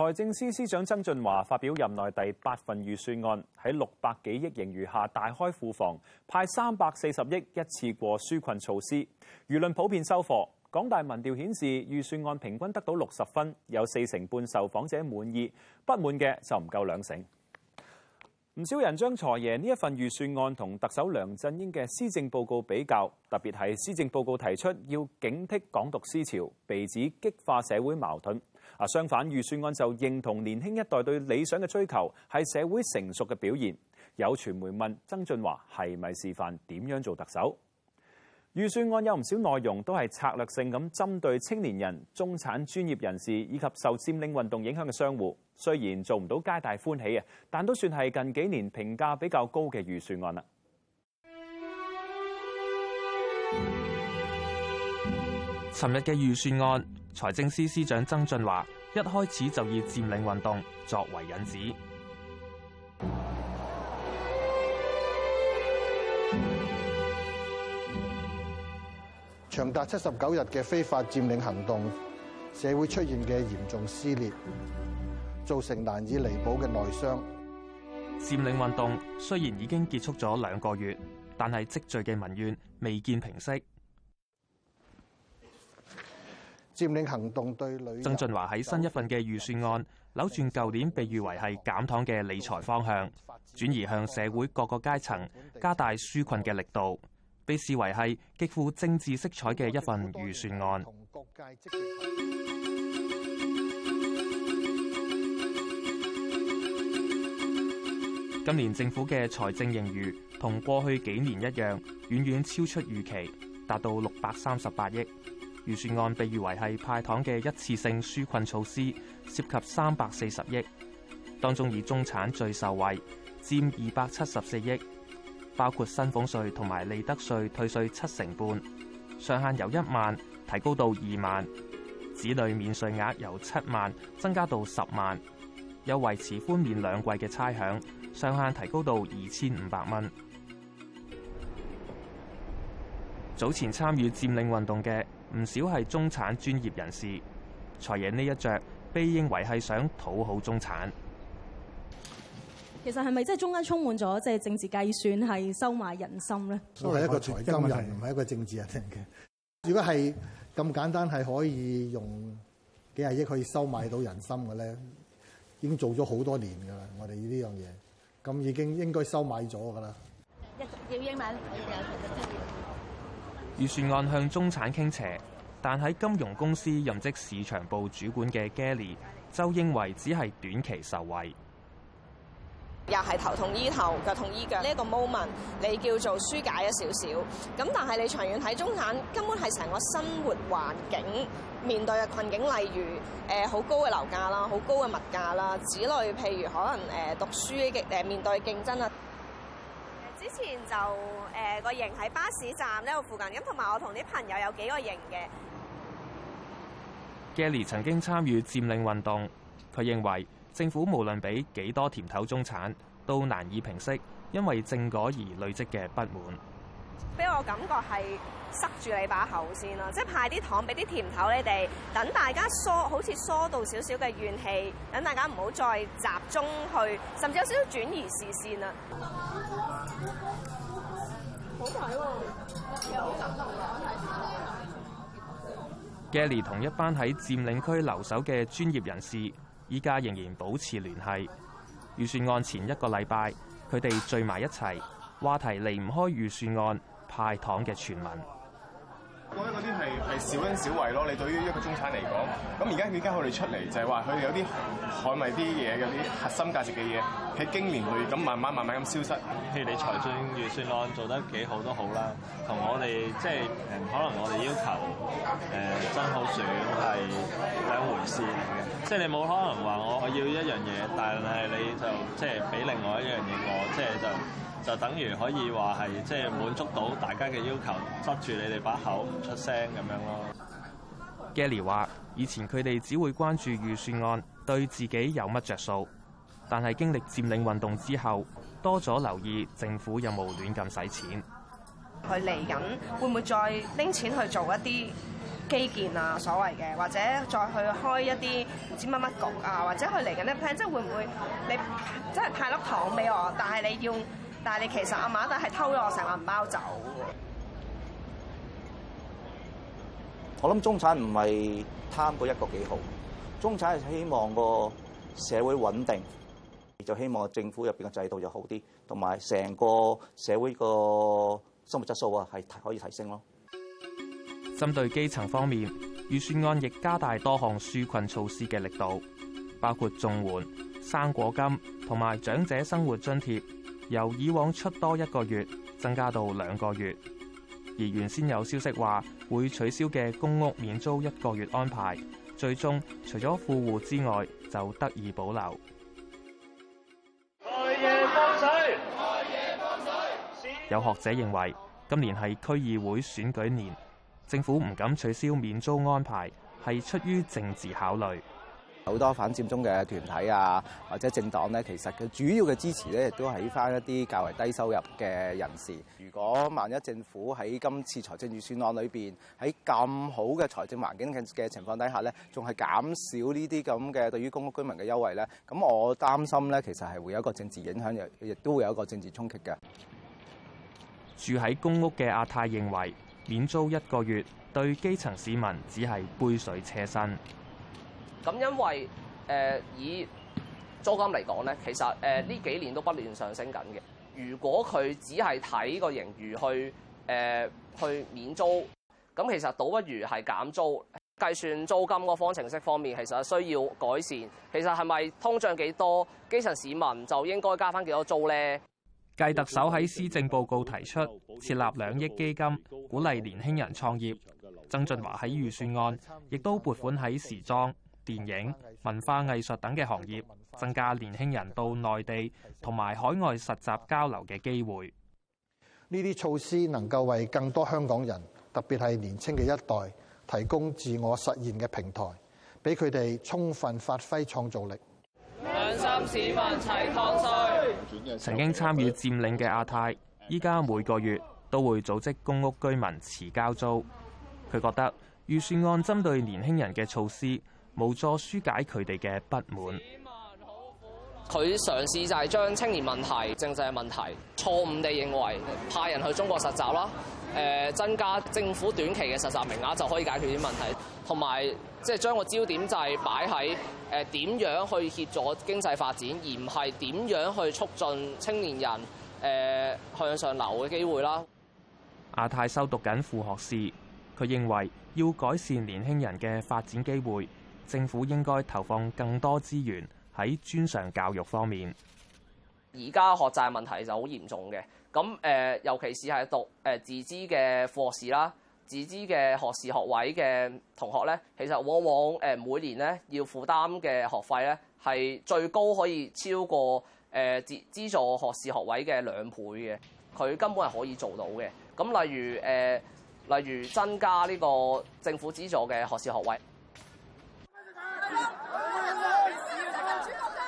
財政司司長曾俊華發表任內第八份預算案，喺六百幾億盈餘下大開庫房，派三百四十億一次過紓困措施，輿論普遍收貨。港大民調顯示，預算案平均得到六十分，有四成半受訪者滿意，不滿嘅就唔夠兩成。唔少人將財爺呢一份預算案同特首梁振英嘅施政報告比較，特別係施政報告提出要警惕港獨思潮，被指激化社會矛盾。啊，相反預算案就認同年輕一代對理想嘅追求係社會成熟嘅表現。有傳媒問曾俊華係咪示範點樣做特首？預算案有唔少內容都係策略性咁針對青年人、中產、專業人士以及受佔領運動影響嘅商戶。雖然做唔到皆大歡喜啊，但都算係近幾年評價比較高嘅預算案啦。尋日嘅預算案，財政司司長曾俊華一開始就以佔領運動作為引子。長達七十九日嘅非法佔領行動，社會出現嘅嚴重撕裂，造成難以彌補嘅內傷。佔領運動雖然已經結束咗兩個月，但係積聚嘅民怨未見平息。佔領行動對女，曾俊華喺新一份嘅預算案扭轉舊年被譽為係減糖嘅理財方向，轉移向社會各個階層加大紓困嘅力度。被視為係極富政治色彩嘅一份預算案。今年政府嘅財政盈餘同過去幾年一樣，遠遠超出預期，達到六百三十八億。預算案被譽為係派糖嘅一次性紓困措施，涉及三百四十億，當中以中產最受惠，佔二百七十四億。包括薪俸稅同埋利得稅退稅七成半，上限由一萬提高到二萬；子女免稅額由七萬增加到十萬，又維持寬免兩季嘅差餉，上限提高到二千五百蚊。早前參與佔領運動嘅唔少係中產專業人士，財爺呢一着被認為係想討好中產。其實係咪即係中間充滿咗即係政治計算，係收買人心咧？我係一個財金人，唔係一個政治人嘅。如果係咁簡單，係可以用幾廿億可以收買到人心嘅咧，已經做咗好多年㗎啦。我哋呢樣嘢咁已經應該收買咗㗎啦。預算案向中產傾斜，但喺金融公司任職市場部主管嘅 Gerry 就認為，只係短期受惠。又係頭痛醫頭，腳痛醫腳。呢、這、一個 moment，你叫做舒解咗少少。咁但係你長遠睇中產，根本係成個生活環境面對嘅困境，例如誒好、呃、高嘅樓價啦，好高嘅物價啦，子女譬如可能誒讀書嘅誒面對競爭啊。之前就誒個營喺巴士站呢個附近，咁同埋我同啲朋友有幾個營嘅。g a e l y 曾經參與佔領運動，佢認為。政府無論俾幾多甜頭中產，都難以平息，因為政改而累積嘅不滿。俾我感覺係塞住你把口先啦，即係派啲糖俾啲甜頭你哋，等大家疏好似疏到少少嘅怨氣，等大家唔好再集中去，甚至有少少轉移視線啦。好睇喎，又好緊湊啊！奶茶 Gerry 同一班喺佔領區留守嘅專業人士。依家仍然保持聯繫。預算案前一個禮拜，佢哋聚埋一齊，話題離唔開預算案派糖嘅傳聞。覺得嗰啲係係小恩小惠咯，你對於一個中產嚟講，咁而家佢而家佢哋出嚟就係話佢哋有啲海迷啲嘢，有啲核心價值嘅嘢，喺經年去咁慢慢慢慢咁消失。譬如你財政預算案做得幾好都好啦，同我哋即係誒可能我哋要求誒、呃、真好選係兩回事嚟嘅，即係你冇可能話我要一樣嘢，但係你就即係俾另外一樣嘢我，即係就。就等於可以話係即係滿足到大家嘅要求，執住你哋把口唔出聲咁樣咯。Gary 話：以前佢哋只會關注預算案對自己有乜着數，但係經歷佔領運動之後，多咗留意政府有冇亂咁使錢。佢嚟緊會唔會再拎錢去做一啲基建啊所謂嘅，或者再去開一啲唔知乜乜局啊，或者佢嚟緊咧 plan，即係會唔會你真係派，即派粒糖俾我，但係你要？但係你其實阿馬德係偷咗我成萬包走。我諗中產唔係貪過一個幾好，中產係希望個社會穩定，亦就希望政府入邊嘅制度又好啲，同埋成個社會個生活質素啊係可以提升咯。針對基層方面，預算案亦加大多項紓困措施嘅力度，包括綜援、生果金同埋長者生活津貼。由以往出多一個月，增加到兩個月。而原先有消息話會取消嘅公屋免租一個月安排，最終除咗富戶之外就得以保留。有學者認為，今年係區議會選舉年，政府唔敢取消免租安排，係出於政治考慮。好多反佔中嘅團體啊，或者政黨呢，其實佢主要嘅支持呢，亦都係返一啲較為低收入嘅人士。如果萬一政府喺今次財政預算案裏邊喺咁好嘅財政環境嘅情況底下呢，仲係減少呢啲咁嘅對於公屋居民嘅優惠呢，咁我擔心呢，其實係會有一個政治影響，亦都會有一個政治衝擊嘅。住喺公屋嘅阿太認為，免租一個月對基層市民只係杯水車薪。咁因為誒、呃、以租金嚟講咧，其實誒呢、呃、幾年都不斷上升緊嘅。如果佢只係睇個盈餘去誒、呃、去免租，咁其實倒不如係減租。計算租金個方程式方面，其實需要改善。其實係咪通脹幾多，基層市民就應該加翻幾多租咧？繼特首喺施政報告提出設立兩億基金，鼓勵年輕人創業。曾俊華喺預算案亦都撥款喺時裝、電影、文化、藝術等嘅行業，增加年輕人到內地同埋海外實習交流嘅機會。呢啲措施能夠為更多香港人，特別係年輕嘅一代，提供自我實現嘅平台，俾佢哋充分發揮創造力。兩心市民齊抗衰。曾經參與佔領嘅阿泰，依家每個月都會組織公屋居民遲交租。佢覺得預算案針對年輕人嘅措施，無助紓解佢哋嘅不滿。佢嘗試就係將青年問題、政制問題錯誤地認為派人去中國實習啦，誒增加政府短期嘅實習名額就可以解決啲問題，同埋即係將個焦點就係擺喺誒點樣去協助經濟發展，而唔係點樣去促進青年人誒向上流嘅機會啦。亞太修讀緊副學士，佢認為要改善年輕人嘅發展機會。政府應該投放更多資源喺專上教育方面。而家學債問題就好嚴重嘅，咁誒，尤其是係讀誒自資嘅副學士啦，自資嘅學士學位嘅同學咧，其實往往誒每年咧要負擔嘅學費咧係最高可以超過誒資資助學士學位嘅兩倍嘅，佢根本係可以做到嘅。咁例如誒例如增加呢個政府資助嘅學士學位。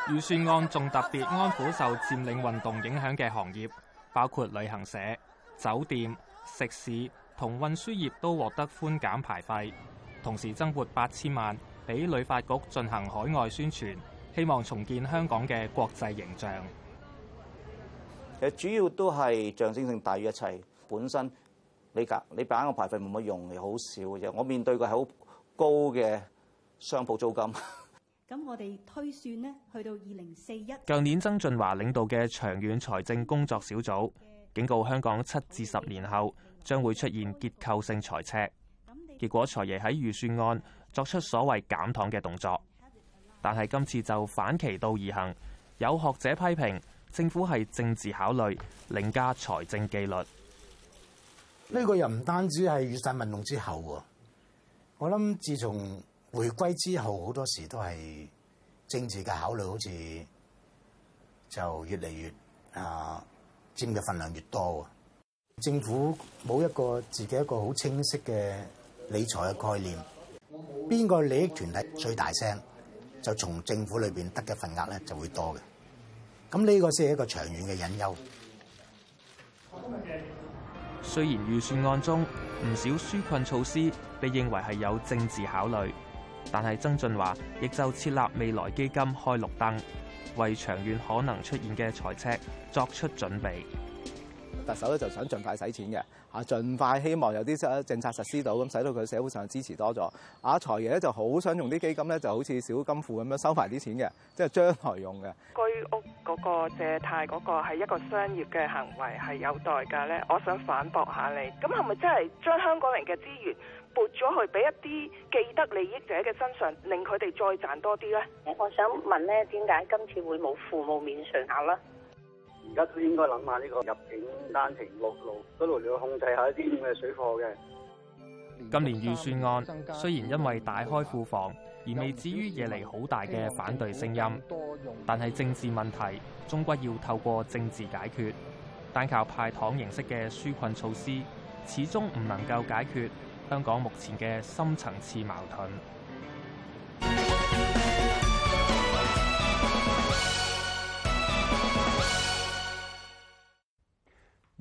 預算案仲特別安撫受佔領運動影響嘅行業，包括旅行社、酒店、食肆同運輸業都獲得寬減牌費，同時增撥八千萬俾旅發局進行海外宣傳，希望重建香港嘅國際形象。其實主要都係象徵性大於一切，本身你減你減個牌費冇乜用，嚟，好少嘅啫。我面對嘅係好高嘅。商鋪租金，咁我哋推算呢，去到二零四一。舊年曾俊華領導嘅長遠財政工作小組警告香港七至十年後將會出現結構性財赤，結果財爺喺預算案作出所謂減糖嘅動作，但係今次就反其道而行，有學者批評政府係政治考慮，凌駕財政紀律。呢個又唔單止係雨傘運動之後喎，我諗自從。回歸之後，好多時都係政治嘅考慮，好似就越嚟越啊、呃、佔嘅份量越多。政府冇一個自己一個好清晰嘅理財嘅概念，邊個利益團體最大聲，就從政府裏邊得嘅份額咧就會多嘅。咁呢個先係一個長遠嘅隱憂。雖然預算案中唔少紓困措施被認為係有政治考慮。但係曾俊華亦就設立未來基金開綠燈，為長遠可能出現嘅財赤作出準備。特首咧就想盡快使錢嘅，吓，盡快希望有啲政策實施到，咁使到佢社會上支持多咗。啊，財爺咧就好想用啲基金咧，就好似小金庫咁樣收埋啲錢嘅，即係將來用嘅。居屋嗰個借貸嗰個係一個商業嘅行為，係有代價咧。我想反駁下你，咁係咪真係將香港人嘅資源？撥咗去俾一啲既得利益者嘅身上，令佢哋再賺多啲咧。我想問咧，點解今次會冇父母免稅額咧？而家都應該諗下呢個入境單程陸路嗰度要控制一下一啲咁嘅水貨嘅。 今年預算案雖然因為大開庫房而未至於惹嚟好大嘅反對聲音，但係政治問題終歸要透過政治解決，但靠派糖形式嘅紓困措施，始終唔能夠解決。香港目前嘅深層次矛盾。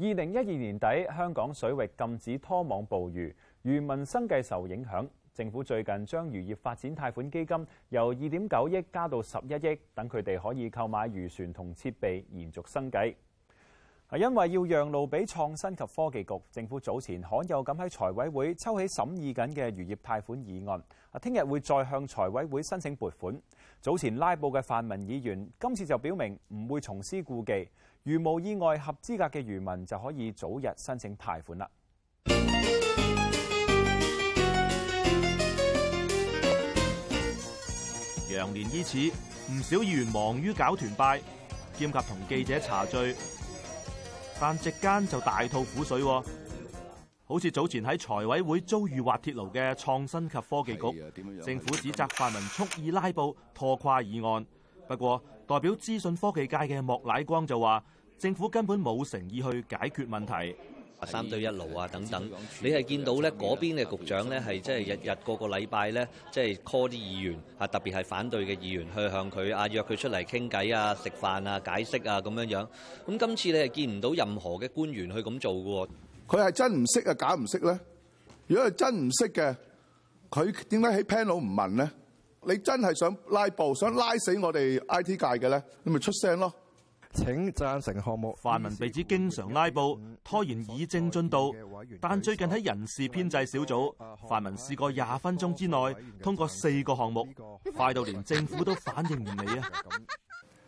二零一二年底，香港水域禁止拖網捕魚，漁民生計受影響。政府最近將漁業發展貸款基金由二點九億加到十一億，等佢哋可以購買漁船同設備，延續生計。因為要讓路俾創新及科技局，政府早前罕有咁喺財委會抽起審議緊嘅漁業貸款議案。啊，聽日會再向財委會申請撥款。早前拉布嘅泛民議員今次就表明唔會重施故技，如無意外合資格嘅漁民就可以早日申請貸款啦。羊年伊始，唔少議員忙於搞團拜，兼及同記者茶聚。但席間就大吐苦水、哦，好似早前喺財委會遭遇滑鐵盧嘅創新及科技局，政府指責泛民蓄意拉布拖垮議案。不過，代表資訊科技界嘅莫乃光就話，政府根本冇誠意去解決問題。三堆一爐啊，等等，你係見到咧嗰邊嘅局長咧係即係日日個個禮拜咧，即係 call 啲議員啊，特別係反對嘅議員去向佢啊約佢出嚟傾偈啊、食飯啊、解釋啊咁樣樣。咁今次你係見唔到任何嘅官員去咁做喎。佢係真唔識啊，假唔識咧？如果係真唔識嘅，佢點解喺 panel 唔問咧？你真係想拉布、想拉死我哋 IT 界嘅咧，你咪出聲咯！請讚成項目。泛民被指經常拉布，拖延議政進度，但最近喺人事編制小組，泛民試過廿分鐘之內通過四個項目，快到連政府都反應唔嚟啊！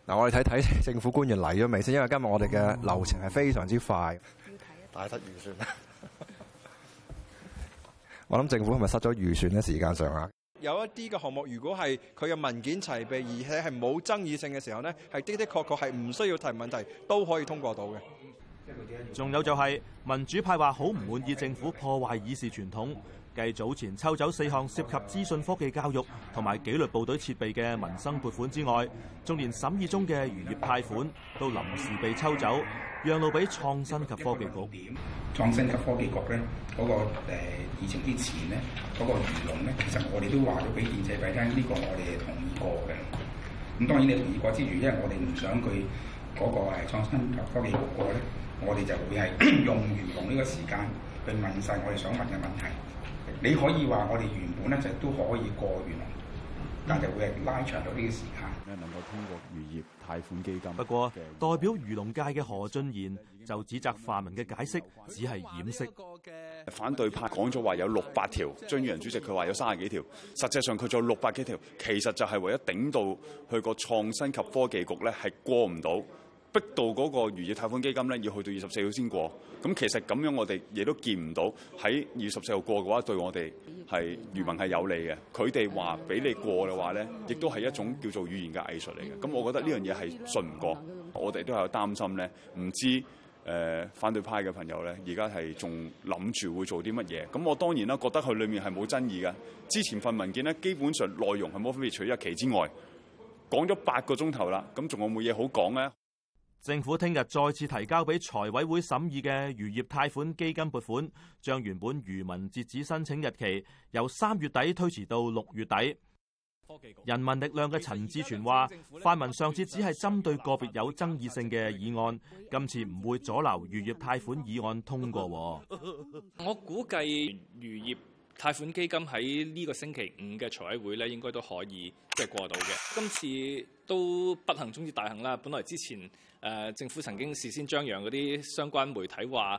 嗱， 我哋睇睇政府官員嚟咗未先，因為今日我哋嘅流程係非常之快。要睇下大失預算 我諗政府係咪失咗預算呢？時間上啊？有一啲嘅項目，如果係佢嘅文件齊備，而且係冇爭議性嘅時候呢，係的的確確係唔需要提問題都可以通過到嘅。仲有就係、是、民主派話好唔滿意政府破壞議事傳統，繼早前抽走四項涉及資訊科技教育同埋紀律部隊設備嘅民生撥款之外，仲連審議中嘅漁業貸款都臨時被抽走。讓路俾創新及科技局。點創新及科技局咧？嗰個疫情之前咧，嗰個漁農咧，其實我哋都話咗俾建制聽，呢個我哋係同意過嘅。咁當然你同意過之餘，因為我哋唔想佢嗰個誒創新及科技局過咧，我哋就會係用漁農呢個時間去問晒我哋想問嘅問題。你可以話我哋原本咧就都可以過漁農，但係會係拉長咗呢個時間。能夠通過漁業貸款基金。不過，代表漁農界嘅何俊賢就指責泛民嘅解釋只係掩飾。反對派講咗話有六百條，張宇人主席佢話有三十幾條，實際上佢仲有六百幾條，其實就係為咗頂到去個創新及科技局咧，係過唔到。逼到嗰個漁業貸款基金咧，要去到二十四號先過。咁其實咁樣，我哋亦都見唔到喺二十四號過嘅話，對我哋係漁民係有利嘅。佢哋話俾你過嘅話咧，亦都係一種叫做語言嘅藝術嚟嘅。咁我覺得呢樣嘢係信唔過，我哋都係有擔心咧。唔知誒、呃、反對派嘅朋友咧，而家係仲諗住會做啲乜嘢？咁我當然啦，覺得佢裡面係冇爭議嘅。之前份文件咧，基本上內容係冇分別，除咗一期之外，講咗八個鐘頭啦，咁仲有冇嘢好講咧？政府聽日再次提交俾財委會審議嘅漁業貸款基金撥款，將原本漁民截止申請日期由三月底推遲到六月底。人民力量嘅陳志全話，泛民上次只係針對個別有爭議性嘅議案，今次唔會阻留漁業貸款議案通過。我估計漁業貸款基金喺呢個星期五嘅財委會咧，應該都可以即係過到嘅。今次都不幸中之大幸啦，本來之前。誒、呃，政府曾經事先張揚嗰啲相關媒體話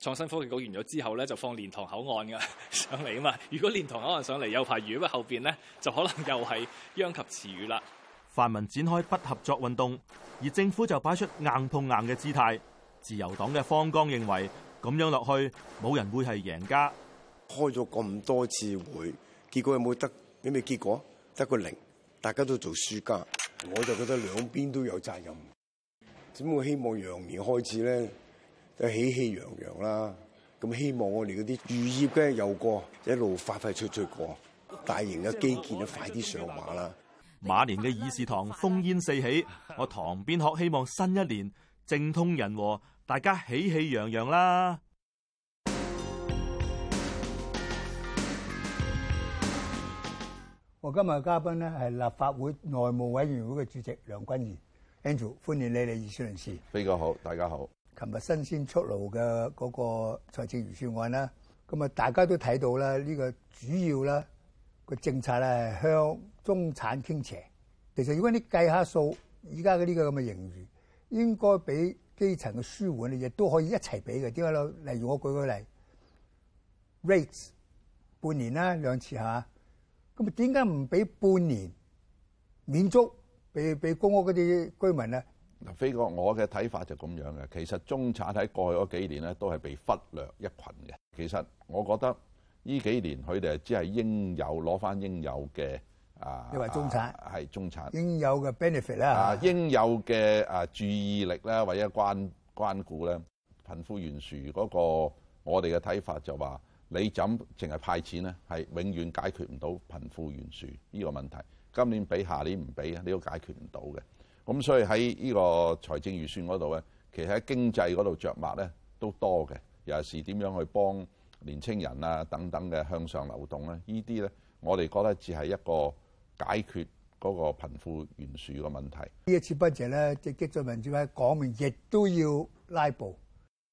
創新科技局完咗之後咧，就放蓮塘口岸嘅上嚟啊嘛。如果蓮塘口岸上嚟有排魚，如果後邊咧就可能又係殃及池魚啦。泛民展開不合作運動，而政府就擺出硬碰硬嘅姿態。自由黨嘅方剛認為咁樣落去冇人會係贏家。開咗咁多次會，結果有冇得有咩結果？得個零，大家都做輸家。我就覺得兩邊都有責任。只會希望羊年開始咧，就喜氣洋洋啦。咁希望我哋嗰啲漁業嘅又過，一路發發出出過，大型嘅基建都快啲上馬啦。馬年嘅議事堂烽煙四起，我堂邊鶴希望新一年政通人和，大家喜氣洋洋啦。我今日嘅嘉賓咧係立法會內務委員會嘅主席梁君彥。Angel，歡迎你哋熱血人士，飛哥好，大家好。琴日新鮮出爐嘅嗰個財政預算案啦。咁啊大家都睇到啦，呢、這個主要咧個政策咧係向中產傾斜。其實如果你計下數，而家嘅呢個咁嘅盈餘，應該俾基層嘅舒緩，你亦都可以一齊俾嘅。點解咧？例如我舉個例，rates 半年啦兩次吓，咁啊點解唔俾半年免租？被俾公屋嗰啲居民咧，嗱，飛哥，我嘅睇法就咁樣嘅。其實中產喺過去嗰幾年咧，都係被忽略一群嘅。其實我覺得呢幾年佢哋只係應有攞翻，應有嘅啊！你話中產係中產應有嘅 benefit 啦，嚇，應有嘅啊有的注意力咧，或者關關顧咧，貧富懸殊嗰個我哋嘅睇法就話：你怎淨係派錢咧，係永遠解決唔到貧富懸殊呢個問題。今年俾下年唔俾嘅，你都解決唔到嘅。咁所以喺呢個財政預算嗰度咧，其實喺經濟嗰度着墨咧都多嘅。尤其是點樣去幫年青人啊等等嘅向上流動咧，這些呢啲咧我哋覺得只係一個解決嗰個貧富懸殊嘅問題。呢一次不謝咧，即係激進民主派講明，亦都要拉布。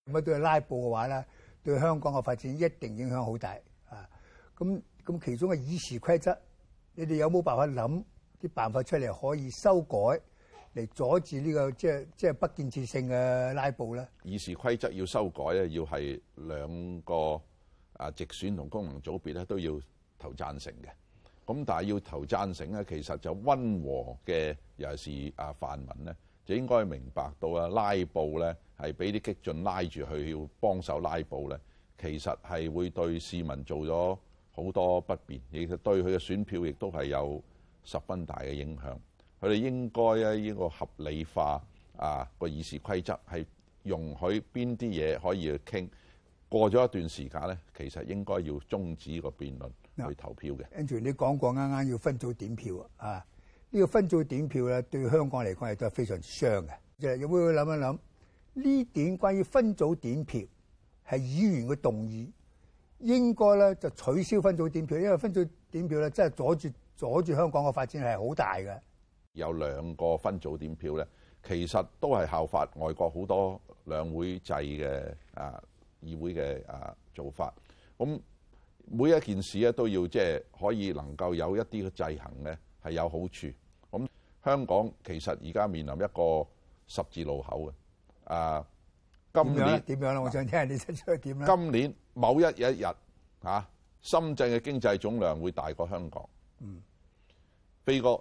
咁乜對拉布嘅話咧，對香港嘅發展一定影響好大啊！咁咁其中嘅議事規則。你哋有冇辦法諗啲辦法出嚟可以修改嚟阻止呢個即係即係不建設性嘅拉布咧？議事規則要修改咧，要係兩個啊直選同功能組別咧都要投贊成嘅。咁但係要投贊成咧，其實就溫和嘅尤其是啊泛民咧，就應該明白到啊拉布咧係俾啲激進拉住去要幫手拉布咧，其實係會對市民做咗。好多不便，其實對佢嘅選票亦都係有十分大嘅影響。佢哋應該咧，呢個合理化啊個議事規則係容許邊啲嘢可以去傾。過咗一段時間咧，其實應該要終止個辯論去投票嘅。跟住 你講過啱啱要分組點票啊！呢、呢個分組點票咧對香港嚟講亦都係非常之傷嘅。即係有冇諗一諗呢，點關於分組點票係議員嘅動議？應該咧就取消分組點票，因為分組點票咧真係阻住阻住香港嘅發展係好大嘅。有兩個分組點票咧，其實都係效法外國好多兩會制嘅啊議會嘅啊做法。咁每一件事咧都要即係可以能夠有一啲嘅制衡咧係有好處。咁香港其實而家面臨一個十字路口嘅啊。今年點樣啦？我想聽下你出咗點樣。今年某一日，嚇、啊、深圳嘅經濟總量會大過香港。嗯，飛哥，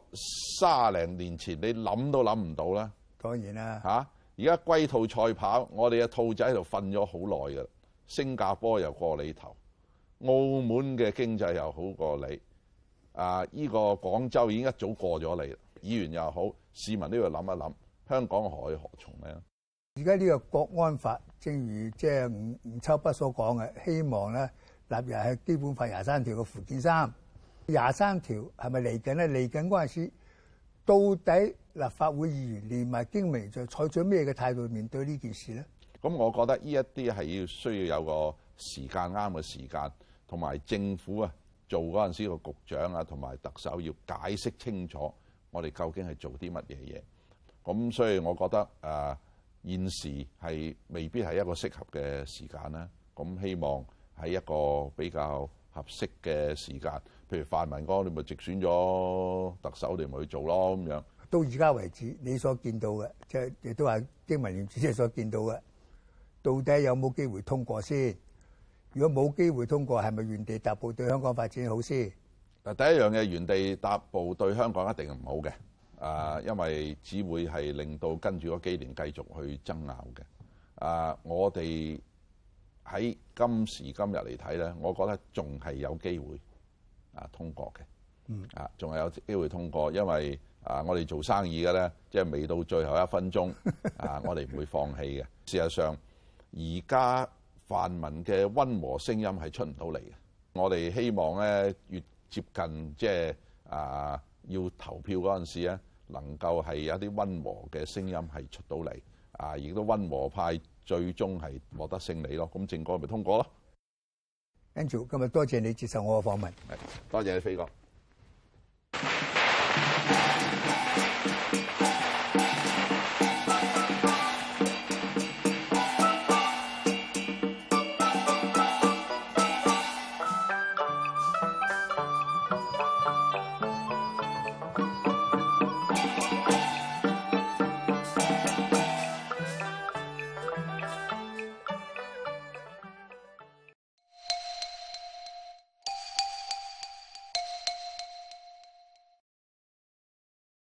卅零年前你諗都諗唔到啦。當然啦。嚇、啊，而家龜兔賽跑，我哋嘅兔仔喺度瞓咗好耐嘅，新加坡又過你頭，澳門嘅經濟又好過你，啊，依、這個廣州已經一早過咗你啦。議員又好，市民都要諗一諗，香港何去何從咧？而家呢個國安法，正如即係吳吳秋北所講嘅，希望咧納入喺基本法廿三條嘅附件三廿三條係咪嚟緊咧？嚟緊嗰陣時，到底立法會議員連埋經民就採取咩嘅態度面對呢件事咧？咁我覺得呢一啲係要需要有個時間啱嘅時間，同埋政府啊做嗰陣時個局長啊，同埋特首要解釋清楚，我哋究竟係做啲乜嘢嘢。咁所以我覺得誒。呃現時係未必係一個適合嘅時間啦，咁希望喺一個比較合適嘅時間，譬如范民哥你咪直選咗特首，你咪去做咯咁樣。到而家為止，你所見到嘅即係亦都係經民聯主席所見到嘅，到底有冇機會通過先？如果冇機會通過，係咪原地踏步對香港發展好先？嗱，第一樣嘢原地踏步對香港一定唔好嘅。啊，因為只會係令到跟住嗰幾年繼續去爭拗嘅。啊，我哋喺今時今日嚟睇咧，我覺得仲係有機會啊通過嘅。嗯。啊，仲係有機會通過，因為啊，我哋做生意嘅咧，即係未到最後一分鐘 啊，我哋唔會放棄嘅。事實上，而家泛民嘅温和聲音係出唔到嚟嘅。我哋希望咧，越接近即係啊。要投票嗰陣時咧，能夠係有啲温和嘅聲音係出到嚟，啊，亦都温和派最終係獲得勝利咯。咁政改咪通過咯。Andrew，今日多謝你接受我嘅訪問。係，多謝你，飛哥。